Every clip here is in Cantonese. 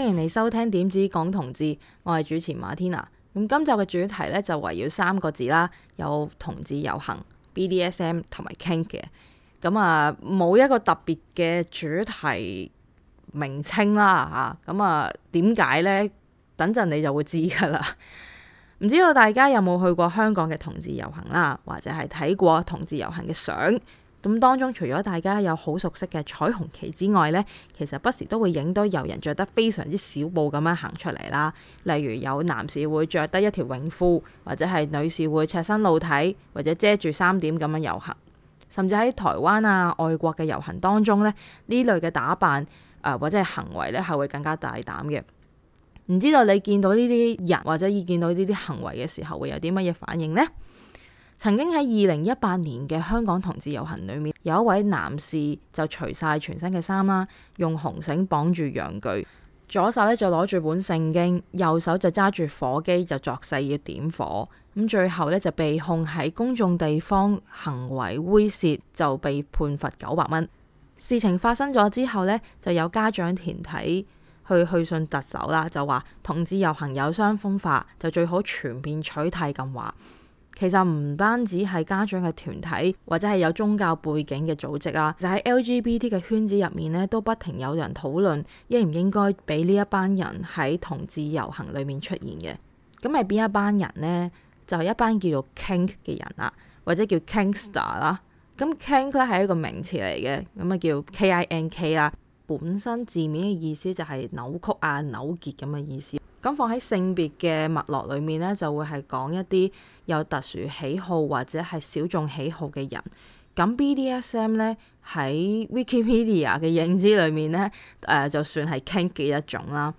歡迎你收聽點子講同志，我係主持馬天娜。咁今集嘅主題咧就圍繞三個字啦，有同志遊行、BDSM 同埋 Kink 嘅。咁啊，冇一個特別嘅主題名稱啦，吓，咁啊，點解呢？等陣你就會知噶啦。唔知道大家有冇去過香港嘅同志遊行啦，或者係睇過同志遊行嘅相？咁當中，除咗大家有好熟悉嘅彩虹旗之外呢，其實不時都會影到遊人着得非常之少布咁樣行出嚟啦。例如有男士會着得一條泳褲，或者係女士會赤身露體，或者遮住三點咁樣遊行。甚至喺台灣啊、外國嘅遊行當中呢，呢類嘅打扮啊、呃、或者係行為呢係會更加大膽嘅。唔知道你見到呢啲人或者見到呢啲行為嘅時候，會有啲乜嘢反應呢？曾經喺二零一八年嘅香港同志遊行裏面，有一位男士就除晒全身嘅衫啦，用紅繩綁住陽具，左手咧就攞住本聖經，右手就揸住火機就作勢要點火，咁最後咧就被控喺公眾地方行為猥褻，就被判罰九百蚊。事情發生咗之後呢，就有家長團體去去信特首啦，就話同志遊行有傷風化，就最好全面取締嘅話。其實唔單止係家長嘅團體，或者係有宗教背景嘅組織啊，就喺 LGBT 嘅圈子入面呢，都不停有人討論應唔應該俾呢一班人喺同志遊行裏面出現嘅。咁係邊一班人呢？就係一班叫做 Kink 嘅人啊，或者叫 Kinkster 啦。咁 Kink 咧係一個名詞嚟嘅，咁啊叫 K-I-N-K 啦。本身字面嘅意思就係扭曲啊、扭結咁嘅意思。咁放喺性別嘅脈絡裏面咧，就會係講一啲有特殊喜好或者係小眾喜好嘅人。咁 BDSM 咧喺 Wikipedia 嘅認知裏面咧，誒、呃、就算係 Kink 嘅一種啦。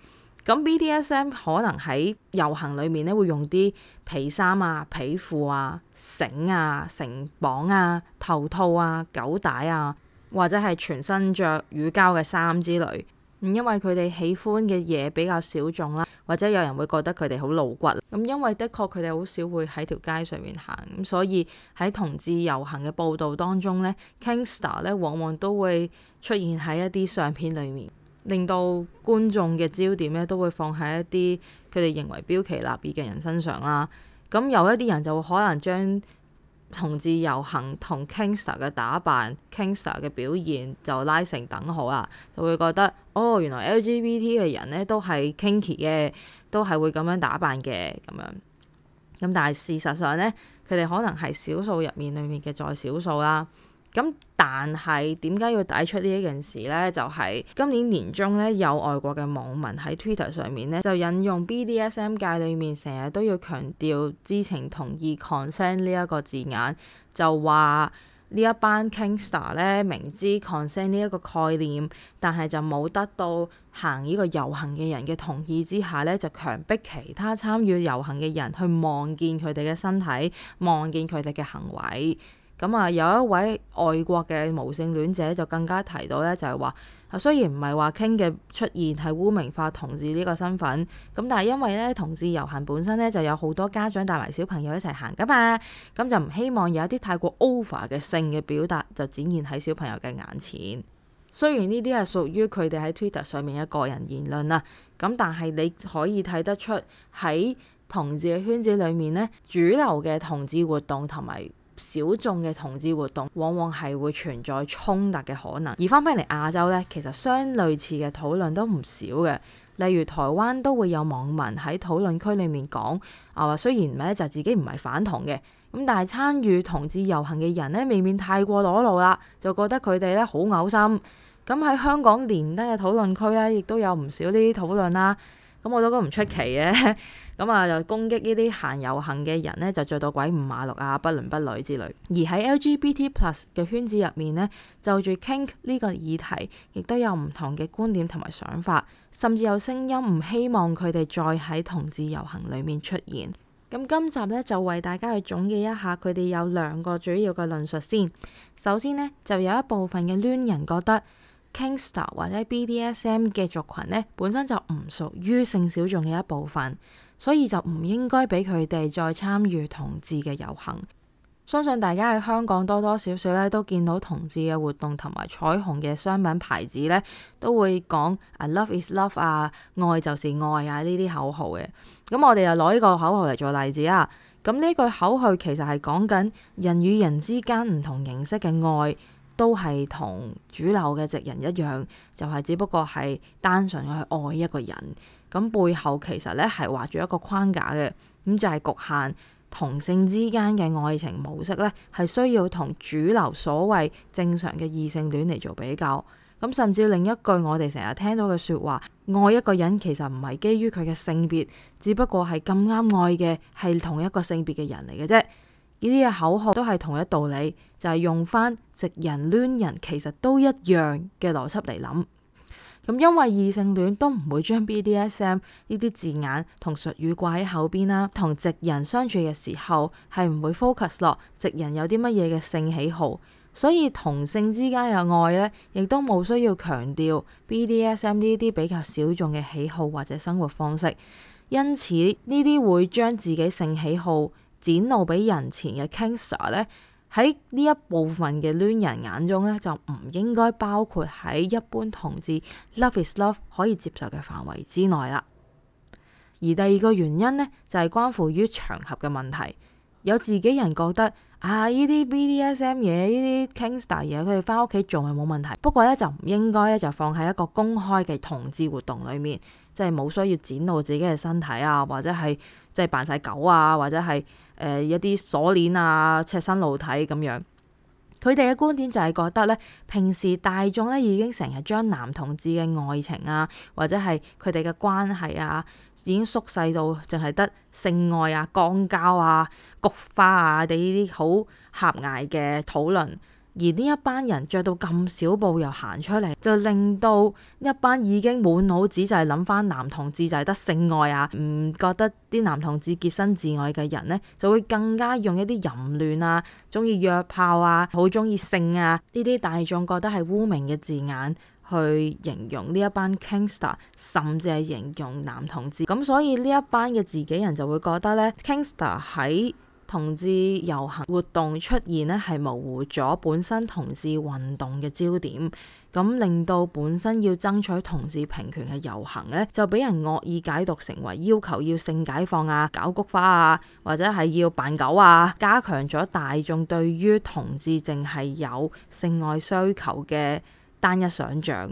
咁 BDSM 可能喺遊行裏面咧會用啲皮衫啊、皮褲啊、繩啊、繩綁啊、頭套啊、狗帶啊，或者係全身着乳膠嘅衫之類，因為佢哋喜歡嘅嘢比較小眾啦。或者有人會覺得佢哋好露骨，咁因為的確佢哋好少會喺條街上面行，咁所以喺同志遊行嘅報道當中咧 Kinkster 咧往往都會出現喺一啲相片裡面，令到觀眾嘅焦點咧都會放喺一啲佢哋認為標奇立異嘅人身上啦。咁有一啲人就會可能將同志遊行同 Kinkster 嘅打扮、Kinkster 嘅表現就拉成等號啦，就會覺得哦，原來 LGBT 嘅人咧都係 kinky 嘅，都係會咁樣打扮嘅咁樣。咁、嗯、但係事實上咧，佢哋可能係少數入面裡面嘅再少數啦。咁，但係點解要帶出呢一件事呢？就係今年年中呢，有外國嘅網民喺 Twitter 上面呢，就引用 BDSM 界裡面成日都要強調知情同意 consent 呢一個字眼，就話呢一班 kinkster 呢，明知 consent 呢一個概念，但係就冇得到行呢個遊行嘅人嘅同意之下呢，就強迫其他參與遊行嘅人去望見佢哋嘅身體，望見佢哋嘅行為。咁啊、嗯，有一位外國嘅無性戀者就更加提到咧，就係話啊，雖然唔係話 Kink 嘅出現係污名化同志呢個身份，咁但係因為咧同志遊行本身咧就有好多家長帶埋小朋友一齊行㗎嘛，咁、嗯、就唔希望有一啲太過 over 嘅性嘅表達就展現喺小朋友嘅眼前。雖然呢啲係屬於佢哋喺 Twitter 上面嘅個人言論啦，咁但係你可以睇得出喺同志嘅圈子裏面呢，主流嘅同志活動同埋，小眾嘅同志活動往往係會存在衝突嘅可能。而翻返嚟亞洲呢，其實相類似嘅討論都唔少嘅。例如台灣都會有網民喺討論區裡面講啊、呃，雖然呢就自己唔係反同嘅，咁但係參與同志遊行嘅人呢，未免太過裸露啦，就覺得佢哋呢好嘔心。咁喺香港連登嘅討論區呢，亦都有唔少呢啲討論啦。咁我都覺得唔出奇嘅，咁 啊就攻擊呢啲行遊行嘅人呢，就做到鬼五馬六啊，不倫不類之類。而喺 LGBT plus 嘅圈子入面呢，就住 Kink 呢個議題，亦都有唔同嘅觀點同埋想法，甚至有聲音唔希望佢哋再喺同志遊行裡面出現。咁今集呢，就為大家去總結一下佢哋有兩個主要嘅論述先。首先呢，就有一部分嘅攣人覺得，Kinkster 或者 BDSM 嘅族群呢，本身就唔屬於性小眾嘅一部分，所以就唔應該俾佢哋再參與同志嘅遊行。相信大家喺香港多多少少呢都見到同志嘅活動同埋彩虹嘅商品牌子呢，都會講啊 Love is love 啊，愛就是愛啊呢啲口號嘅。咁我哋就攞呢個口號嚟做例子啦。咁呢句口號其實係講緊人與人之間唔同形式嘅愛。都係同主流嘅直人一樣，就係只不過係單純去愛一個人，咁背後其實咧係畫住一個框架嘅，咁就係局限同性之間嘅愛情模式咧，係需要同主流所謂正常嘅異性戀嚟做比較，咁甚至另一句我哋成日聽到嘅説話，愛一個人其實唔係基於佢嘅性別，只不過係咁啱愛嘅係同一個性別嘅人嚟嘅啫。呢啲嘅口號都係同一道理，就係、是、用翻直人攣人其實都一樣嘅邏輯嚟諗。咁因為異性戀都唔會將 BDSM 呢啲字眼同術語掛喺口邊啦，同直人相處嘅時候係唔會 focus 落直人有啲乜嘢嘅性喜好，所以同性之間嘅愛呢亦都冇需要強調 BDSM 呢啲比較小眾嘅喜好或者生活方式。因此呢啲會將自己性喜好展露俾人前嘅 kinkster 咧，喺呢一部分嘅戀人眼中咧，就唔應該包括喺一般同志 love is love 可以接受嘅範圍之內啦。而第二個原因呢，就係關乎於場合嘅問題。有自己人覺得啊，呢啲 BDSM 嘢、呢啲 kinkster 嘢，佢哋翻屋企做係冇問題，不過咧就唔應該咧就放喺一個公開嘅同志活動裡面，即係冇需要展露自己嘅身體啊，或者係即係扮晒狗啊，或者係，誒、呃、一啲鎖鏈啊、赤身露體咁樣，佢哋嘅觀點就係覺得咧，平時大眾咧已經成日將男同志嘅愛情啊，或者係佢哋嘅關係啊，已經縮細到淨係得性愛啊、肛交啊、菊花啊啲呢啲好狹隘嘅討論。而呢一班人着到咁少布又行出嚟，就令到一班已經滿腦子就係諗翻男同志就係得性愛啊，唔覺得啲男同志潔身自愛嘅人呢，就會更加用一啲淫亂啊、中意約炮啊、好中意性啊呢啲大眾覺得係污名嘅字眼去形容呢一班 kinkster，甚至係形容男同志。咁所以呢一班嘅自己人就會覺得呢，kinkster 喺同志遊行活動出現呢，係模糊咗本身同志運動嘅焦點，咁令到本身要爭取同志平權嘅遊行呢，就俾人惡意解讀成為要求要性解放啊、搞菊花啊，或者係要扮狗啊，加強咗大眾對於同志淨係有性愛需求嘅單一想像。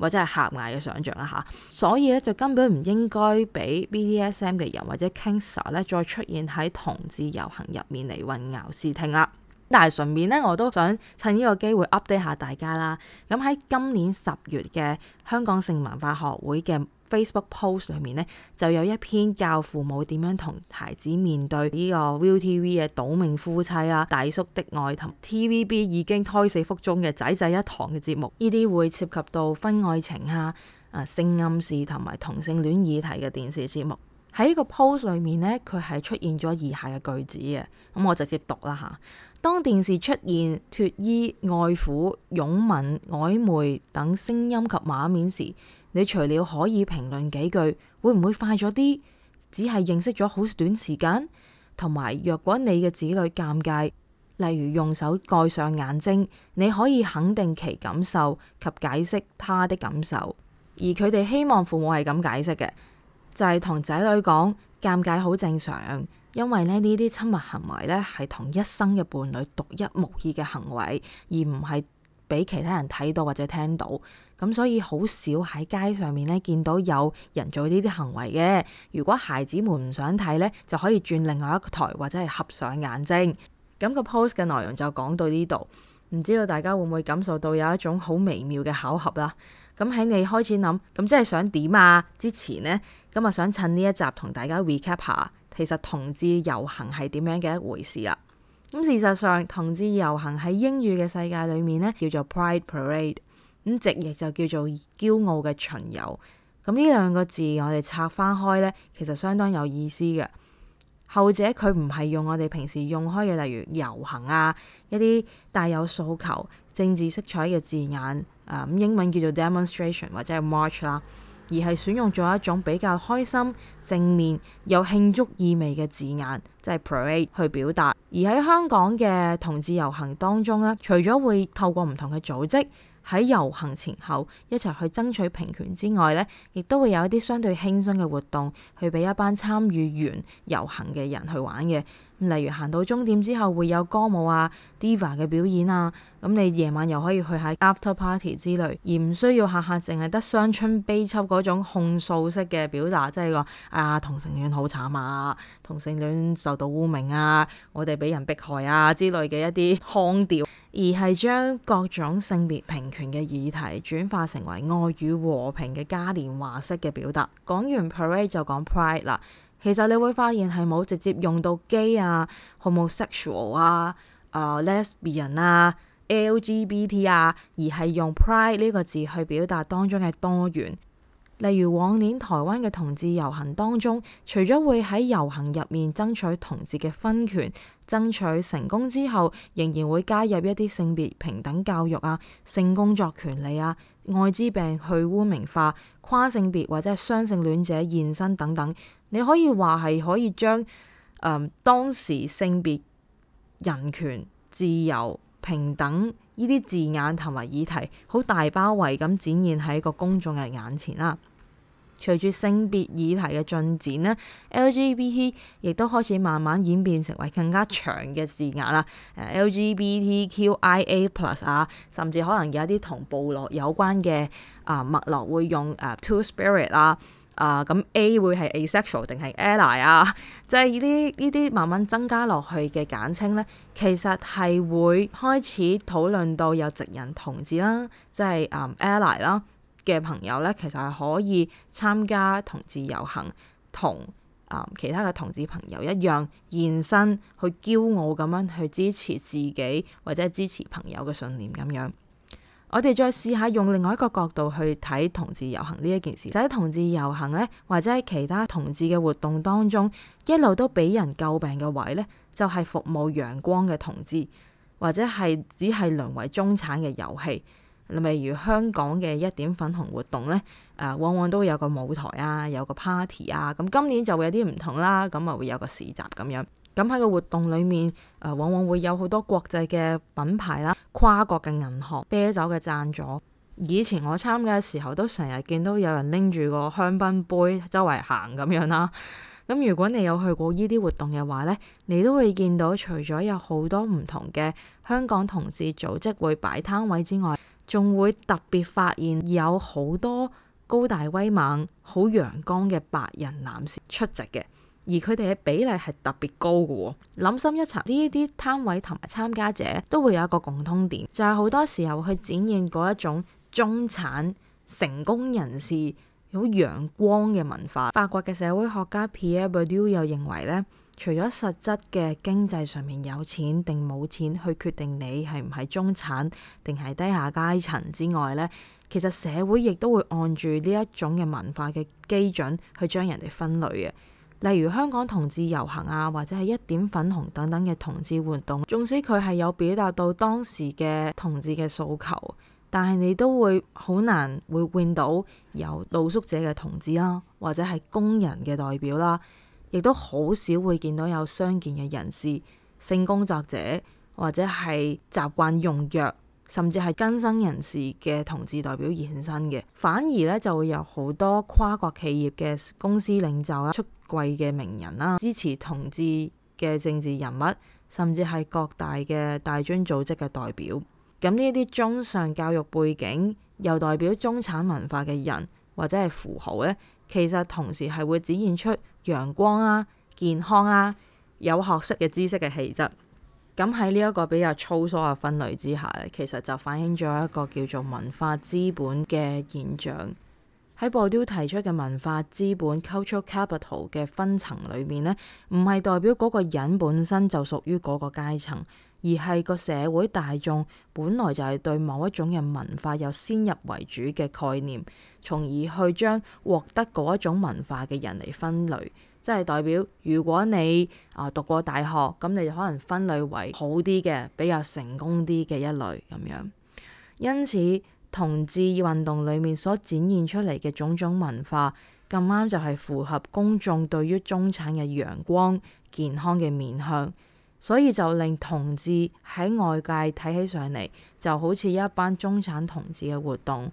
或者係狹隘嘅想像一下，所以咧就根本唔應該俾 BDSM 嘅人或者 kinkster 咧再出現喺同志遊行入面嚟混淆視聽啦。但係順便咧，我都想趁呢個機會 update 下大家啦。咁喺今年十月嘅香港性文化學會嘅 Facebook post 裏面呢，就有一篇教父母點樣同孩子面對呢個 ViuTV 嘅賭命夫妻啊、大叔的愛、同 TVB 已經胎死腹中嘅仔仔一堂嘅節目，呢啲會涉及到婚外情啊、啊性暗示同埋同性戀議題嘅電視節目。喺呢個 post 裏面呢，佢係出現咗以下嘅句子嘅，咁我就直接讀啦嚇。當電視出現脫衣、愛撫、擁吻、曖昧等聲音及畫面時，你除了可以評論幾句，會唔會快咗啲？只係認識咗好短時間，同埋若果你嘅子女尷尬，例如用手蓋上眼睛，你可以肯定其感受及解釋他的感受，而佢哋希望父母係咁解釋嘅，就係同仔女講，尷尬好正常，因為呢呢啲親密行為呢係同一生嘅伴侶獨一無二嘅行為，而唔係俾其他人睇到或者聽到。咁所以好少喺街上面呢見到有人做呢啲行為嘅。如果孩子們唔想睇呢，就可以轉另外一個台或者係合上眼睛。咁個 post 嘅內容就講到呢度。唔知道大家會唔會感受到有一種好微妙嘅巧合啦。咁喺你開始諗，咁即係想點啊？之前呢，咁啊想趁呢一集同大家 recap 下，其實同志遊行係點樣嘅一回事啦。咁事實上，同志遊行喺英語嘅世界裏面呢，叫做 Pride Parade。咁直譯就叫做驕傲嘅巡遊。咁呢兩個字我哋拆翻開呢，其實相當有意思嘅。後者佢唔係用我哋平時用開嘅，例如遊行啊，一啲帶有訴求、政治色彩嘅字眼、嗯、英文叫做 demonstration 或者係 march 啦，而係選用咗一種比較開心、正面、有慶祝意味嘅字眼，即係 parade 去表達。而喺香港嘅同志遊行當中呢，除咗會透過唔同嘅組織。喺遊行前後一齊去爭取平權之外咧，亦都會有一啲相對輕鬆嘅活動，去俾一班參與完遊行嘅人去玩嘅。例如行到終點之後會有歌舞啊、diva 嘅表演啊，咁你夜晚又可以去下 after party 之類，而唔需要下下淨係得傷春悲秋嗰種控訴式嘅表達，即係話啊同性戀好慘啊，同性戀受到污名啊，我哋俾人迫害啊之類嘅一啲腔調，而係將各種性別平權嘅議題轉化成為愛與和平嘅嘉年華式嘅表達。講完 parade 就講 pride 喇。其實你會發現係冇直接用到 gay 啊、homosexual 啊、誒、呃、lesbian 啊、LGBT 啊，而係用 pride 呢個字去表達當中嘅多元。例如往年台灣嘅同志遊行當中，除咗會喺遊行入面爭取同志嘅分權，爭取成功之後，仍然會加入一啲性別平等教育啊、性工作權利啊、愛滋病去污名化、跨性別或者係雙性戀者現身等等。你可以話係可以將誒、嗯、當時性別、人權、自由、平等呢啲字眼同埋議題，好大包圍咁展現喺個公眾嘅眼前啦。隨住性別議題嘅進展咧，LGBT 亦都開始慢慢演變成為更加長嘅字眼啦。誒 LGBTQIA plus 啊，甚至可能有一啲同部落有關嘅啊脈絡會用誒、啊、Two Spirit 啦、啊。啊，咁、uh, A 會係 Asexual 定係 Ally 啊，即係呢呢啲慢慢增加落去嘅簡稱咧，其實係會開始討論到有直人同志啦，即係啊 Ally 啦嘅朋友咧，其實係可以參加同志遊行，同啊、um，其他嘅同志朋友一樣，現身去驕傲咁樣去支持自己或者支持朋友嘅信念咁樣。我哋再試下用另外一個角度去睇同志遊行呢一件事。就喺同志遊行咧，或者喺其他同志嘅活動當中，一路都俾人詬病嘅位咧，就係、是、服務陽光嘅同志，或者係只係淪為中產嘅遊戲。例如香港嘅一點粉紅活動咧，誒，往往都有個舞台啊，有個 party 啊，咁今年就會有啲唔同啦，咁啊會有個市集咁樣。咁喺個活動裏面，誒、呃，往往會有好多國際嘅品牌啦，跨國嘅銀行、啤酒嘅贊助。以前我參加嘅時候，都成日見到有人拎住個香檳杯周圍行咁樣啦。咁如果你有去過呢啲活動嘅話呢，你都會見到除咗有好多唔同嘅香港同志組織會擺攤位之外，仲會特別發現有好多高大威猛、好陽光嘅白人男士出席嘅。而佢哋嘅比例係特別高嘅，哦。諗深一層，呢一啲攤位同埋參加者都會有一個共通點，就係、是、好多時候去展現嗰一種中產成功人士好陽光嘅文化。法國嘅社會學家 Pierre Bourdieu 又認為呢，除咗實質嘅經濟上面有錢定冇錢去決定你係唔係中產定係低下階層之外呢，其實社會亦都會按住呢一種嘅文化嘅基準去將人哋分類嘅。例如香港同志遊行啊，或者係一點粉紅等等嘅同志活動，縱使佢係有表達到當時嘅同志嘅訴求，但係你都會好難會見到有露宿者嘅同志啦，或者係工人嘅代表啦，亦都好少會見到有傷健嘅人士、性工作者或者係習慣用藥甚至係更生人士嘅同志代表現身嘅，反而呢，就會有好多跨國企業嘅公司領袖啦出。貴嘅名人啦，支持同志嘅政治人物，甚至係各大嘅大專組織嘅代表，咁呢啲中上教育背景又代表中產文化嘅人或者係符號咧，其實同時係會展現出陽光啦、啊、健康啦、啊、有學識嘅知識嘅氣質。咁喺呢一個比較粗疏嘅分類之下咧，其實就反映咗一個叫做文化資本嘅現象。喺波雕提出嘅文化資本 （cultural capital） 嘅分層裏面咧，唔係代表嗰個人本身就屬於嗰個階層，而係個社會大眾本來就係對某一種嘅文化有先入為主嘅概念，從而去將獲得嗰一種文化嘅人嚟分類，即係代表如果你啊、呃、讀過大學，咁你可能分類為好啲嘅、比較成功啲嘅一類咁樣。因此同志運動裡面所展現出嚟嘅種種文化，咁啱就係符合公眾對於中產嘅陽光、健康嘅面向，所以就令同志喺外界睇起上嚟，就好似一班中產同志嘅活動。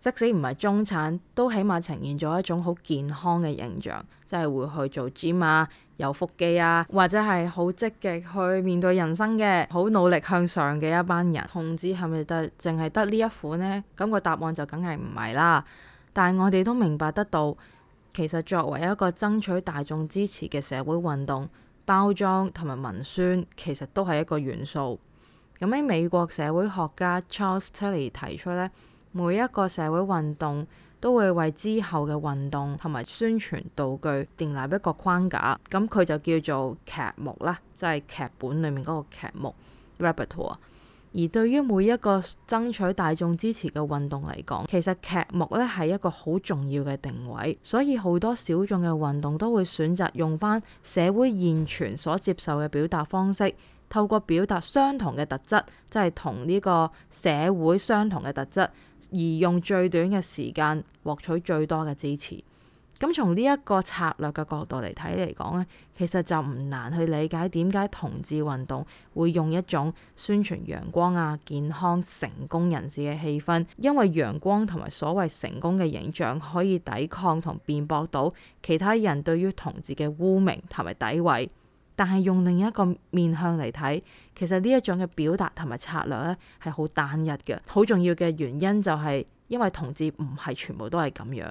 即使唔係中產，都起碼呈現咗一種好健康嘅形象，即係會去做 gym 啊。有腹肌啊，或者係好積極去面對人生嘅，好努力向上嘅一班人，控制係咪得淨係得呢一款呢？咁個答案就梗係唔係啦。但係我哋都明白得到，其實作為一個爭取大眾支持嘅社會運動，包裝同埋文宣其實都係一個元素。咁喺美國社會學家 Charles Tilly 提出呢，每一個社會運動都會為之後嘅運動同埋宣傳道具訂立一個框架，咁佢就叫做劇目啦，即係劇本裡面嗰個劇目 repertoire。而對於每一個爭取大眾支持嘅運動嚟講，其實劇目呢係一個好重要嘅定位，所以好多小眾嘅運動都會選擇用翻社會現存所接受嘅表達方式，透過表達相同嘅特質，即係同呢個社會相同嘅特質。而用最短嘅時間獲取最多嘅支持，咁從呢一個策略嘅角度嚟睇嚟講呢，其實就唔難去理解點解同志運動會用一種宣傳陽光啊、健康成功人士嘅氣氛，因為陽光同埋所謂成功嘅形象可以抵抗同辯駁到其他人對於同志嘅污名同埋詆毀。但係用另一個面向嚟睇，其實呢一種嘅表達同埋策略咧係好單一嘅，好重要嘅原因就係因為同志唔係全部都係咁樣。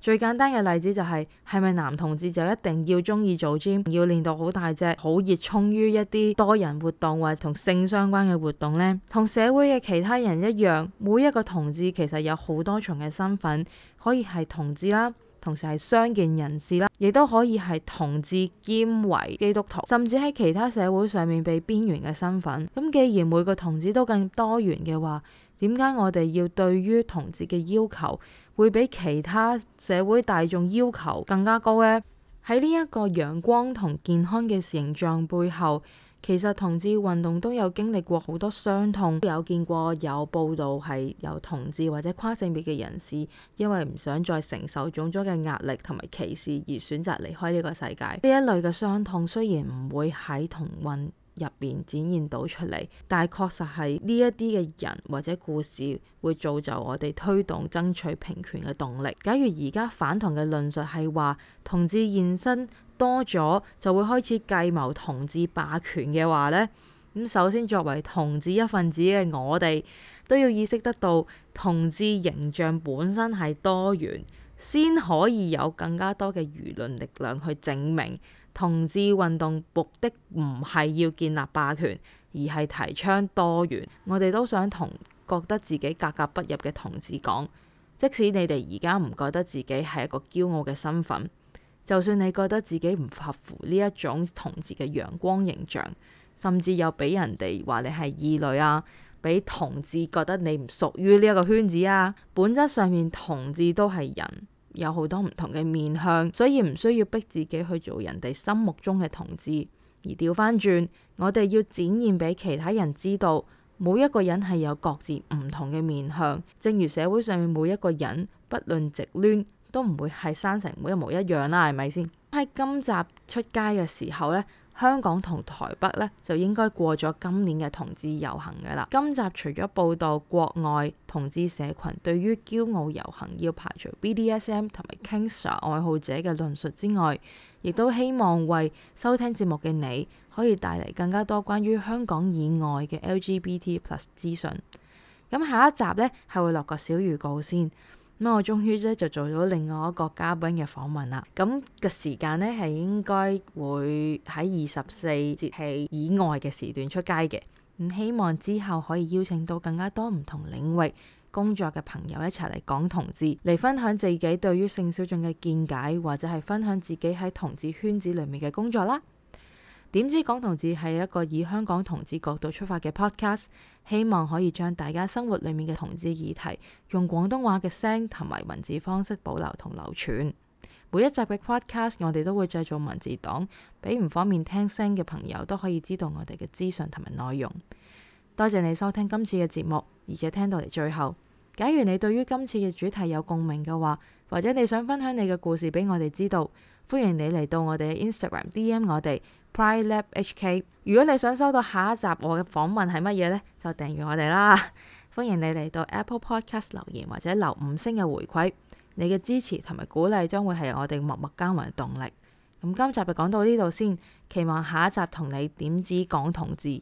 最簡單嘅例子就係係咪男同志就一定要鍾意做 gym，要練到好大隻，好熱衷於一啲多人活動或者同性相關嘅活動咧？同社會嘅其他人一樣，每一個同志其實有好多重嘅身份，可以係同志啦。同時係傷健人士啦，亦都可以係同志兼為基督徒，甚至喺其他社會上面被邊緣嘅身份。咁既然每個同志都更多元嘅話，點解我哋要對於同志嘅要求會比其他社會大眾要求更加高呢？喺呢一個陽光同健康嘅形象背後，其實同志運動都有經歷過好多傷痛，有見過有報道係有同志或者跨性別嘅人士，因為唔想再承受種種嘅壓力同埋歧視而選擇離開呢個世界。呢一類嘅傷痛雖然唔會喺同運入邊展現到出嚟，但係確實係呢一啲嘅人或者故事會造就我哋推動爭取平權嘅動力。假如而家反同嘅論述係話同志現身。多咗就會開始計謀同志霸權嘅話呢，咁首先作為同志一份子嘅我哋，都要意識得到同志形象本身係多元，先可以有更加多嘅輿論力量去證明同志運動目的唔係要建立霸權，而係提倡多元。我哋都想同覺得自己格格不入嘅同志講，即使你哋而家唔覺得自己係一個驕傲嘅身份。就算你覺得自己唔合乎呢一種同志嘅陽光形象，甚至有俾人哋話你係異類啊，俾同志覺得你唔屬於呢一個圈子啊，本質上面同志都係人，有好多唔同嘅面向，所以唔需要逼自己去做人哋心目中嘅同志，而掉返轉，我哋要展現俾其他人知道，每一個人係有各自唔同嘅面向，正如社會上面每一個人，不論直攣。都唔會係生成每一模一樣啦，係咪先？喺今集出街嘅時候呢，香港同台北呢，就應該過咗今年嘅同志遊行㗎喇。今集除咗報導國外同志社群對於驕傲遊行要排除 BDSM 同埋 Kink 愛好者嘅論述之外，亦都希望為收聽節目嘅你可以帶嚟更加多關於香港以外嘅 LGBT plus 資訊。咁下一集呢，係會落個小預告先。咁我終於咧就做咗另外一個嘉賓嘅訪問啦。咁個時間咧係應該會喺二十四節氣以外嘅時段出街嘅。咁希望之後可以邀請到更加多唔同領域工作嘅朋友一齊嚟講同志，嚟分享自己對於性小眾嘅見解，或者係分享自己喺同志圈子裡面嘅工作啦。點知港同志係一個以香港同志角度出發嘅 podcast，希望可以將大家生活裏面嘅同志議題，用廣東話嘅聲同埋文字方式保留同流傳。每一集嘅 podcast，我哋都會製造文字檔，俾唔方便聽聲嘅朋友都可以知道我哋嘅資訊同埋內容。多謝你收聽今次嘅節目，而且聽到嚟最後。假如你對於今次嘅主題有共鳴嘅話，或者你想分享你嘅故事俾我哋知道，歡迎你嚟到我哋嘅 Instagram DM 我哋。Pride Lab HK，如果你想收到下一集我嘅訪問係乜嘢呢？就訂閱我哋啦。歡迎你嚟到 Apple Podcast 留言或者留五星嘅回饋，你嘅支持同埋鼓勵將會係我哋默默耕耘嘅動力。咁今集就講到呢度先，期望下一集同你點止講同志。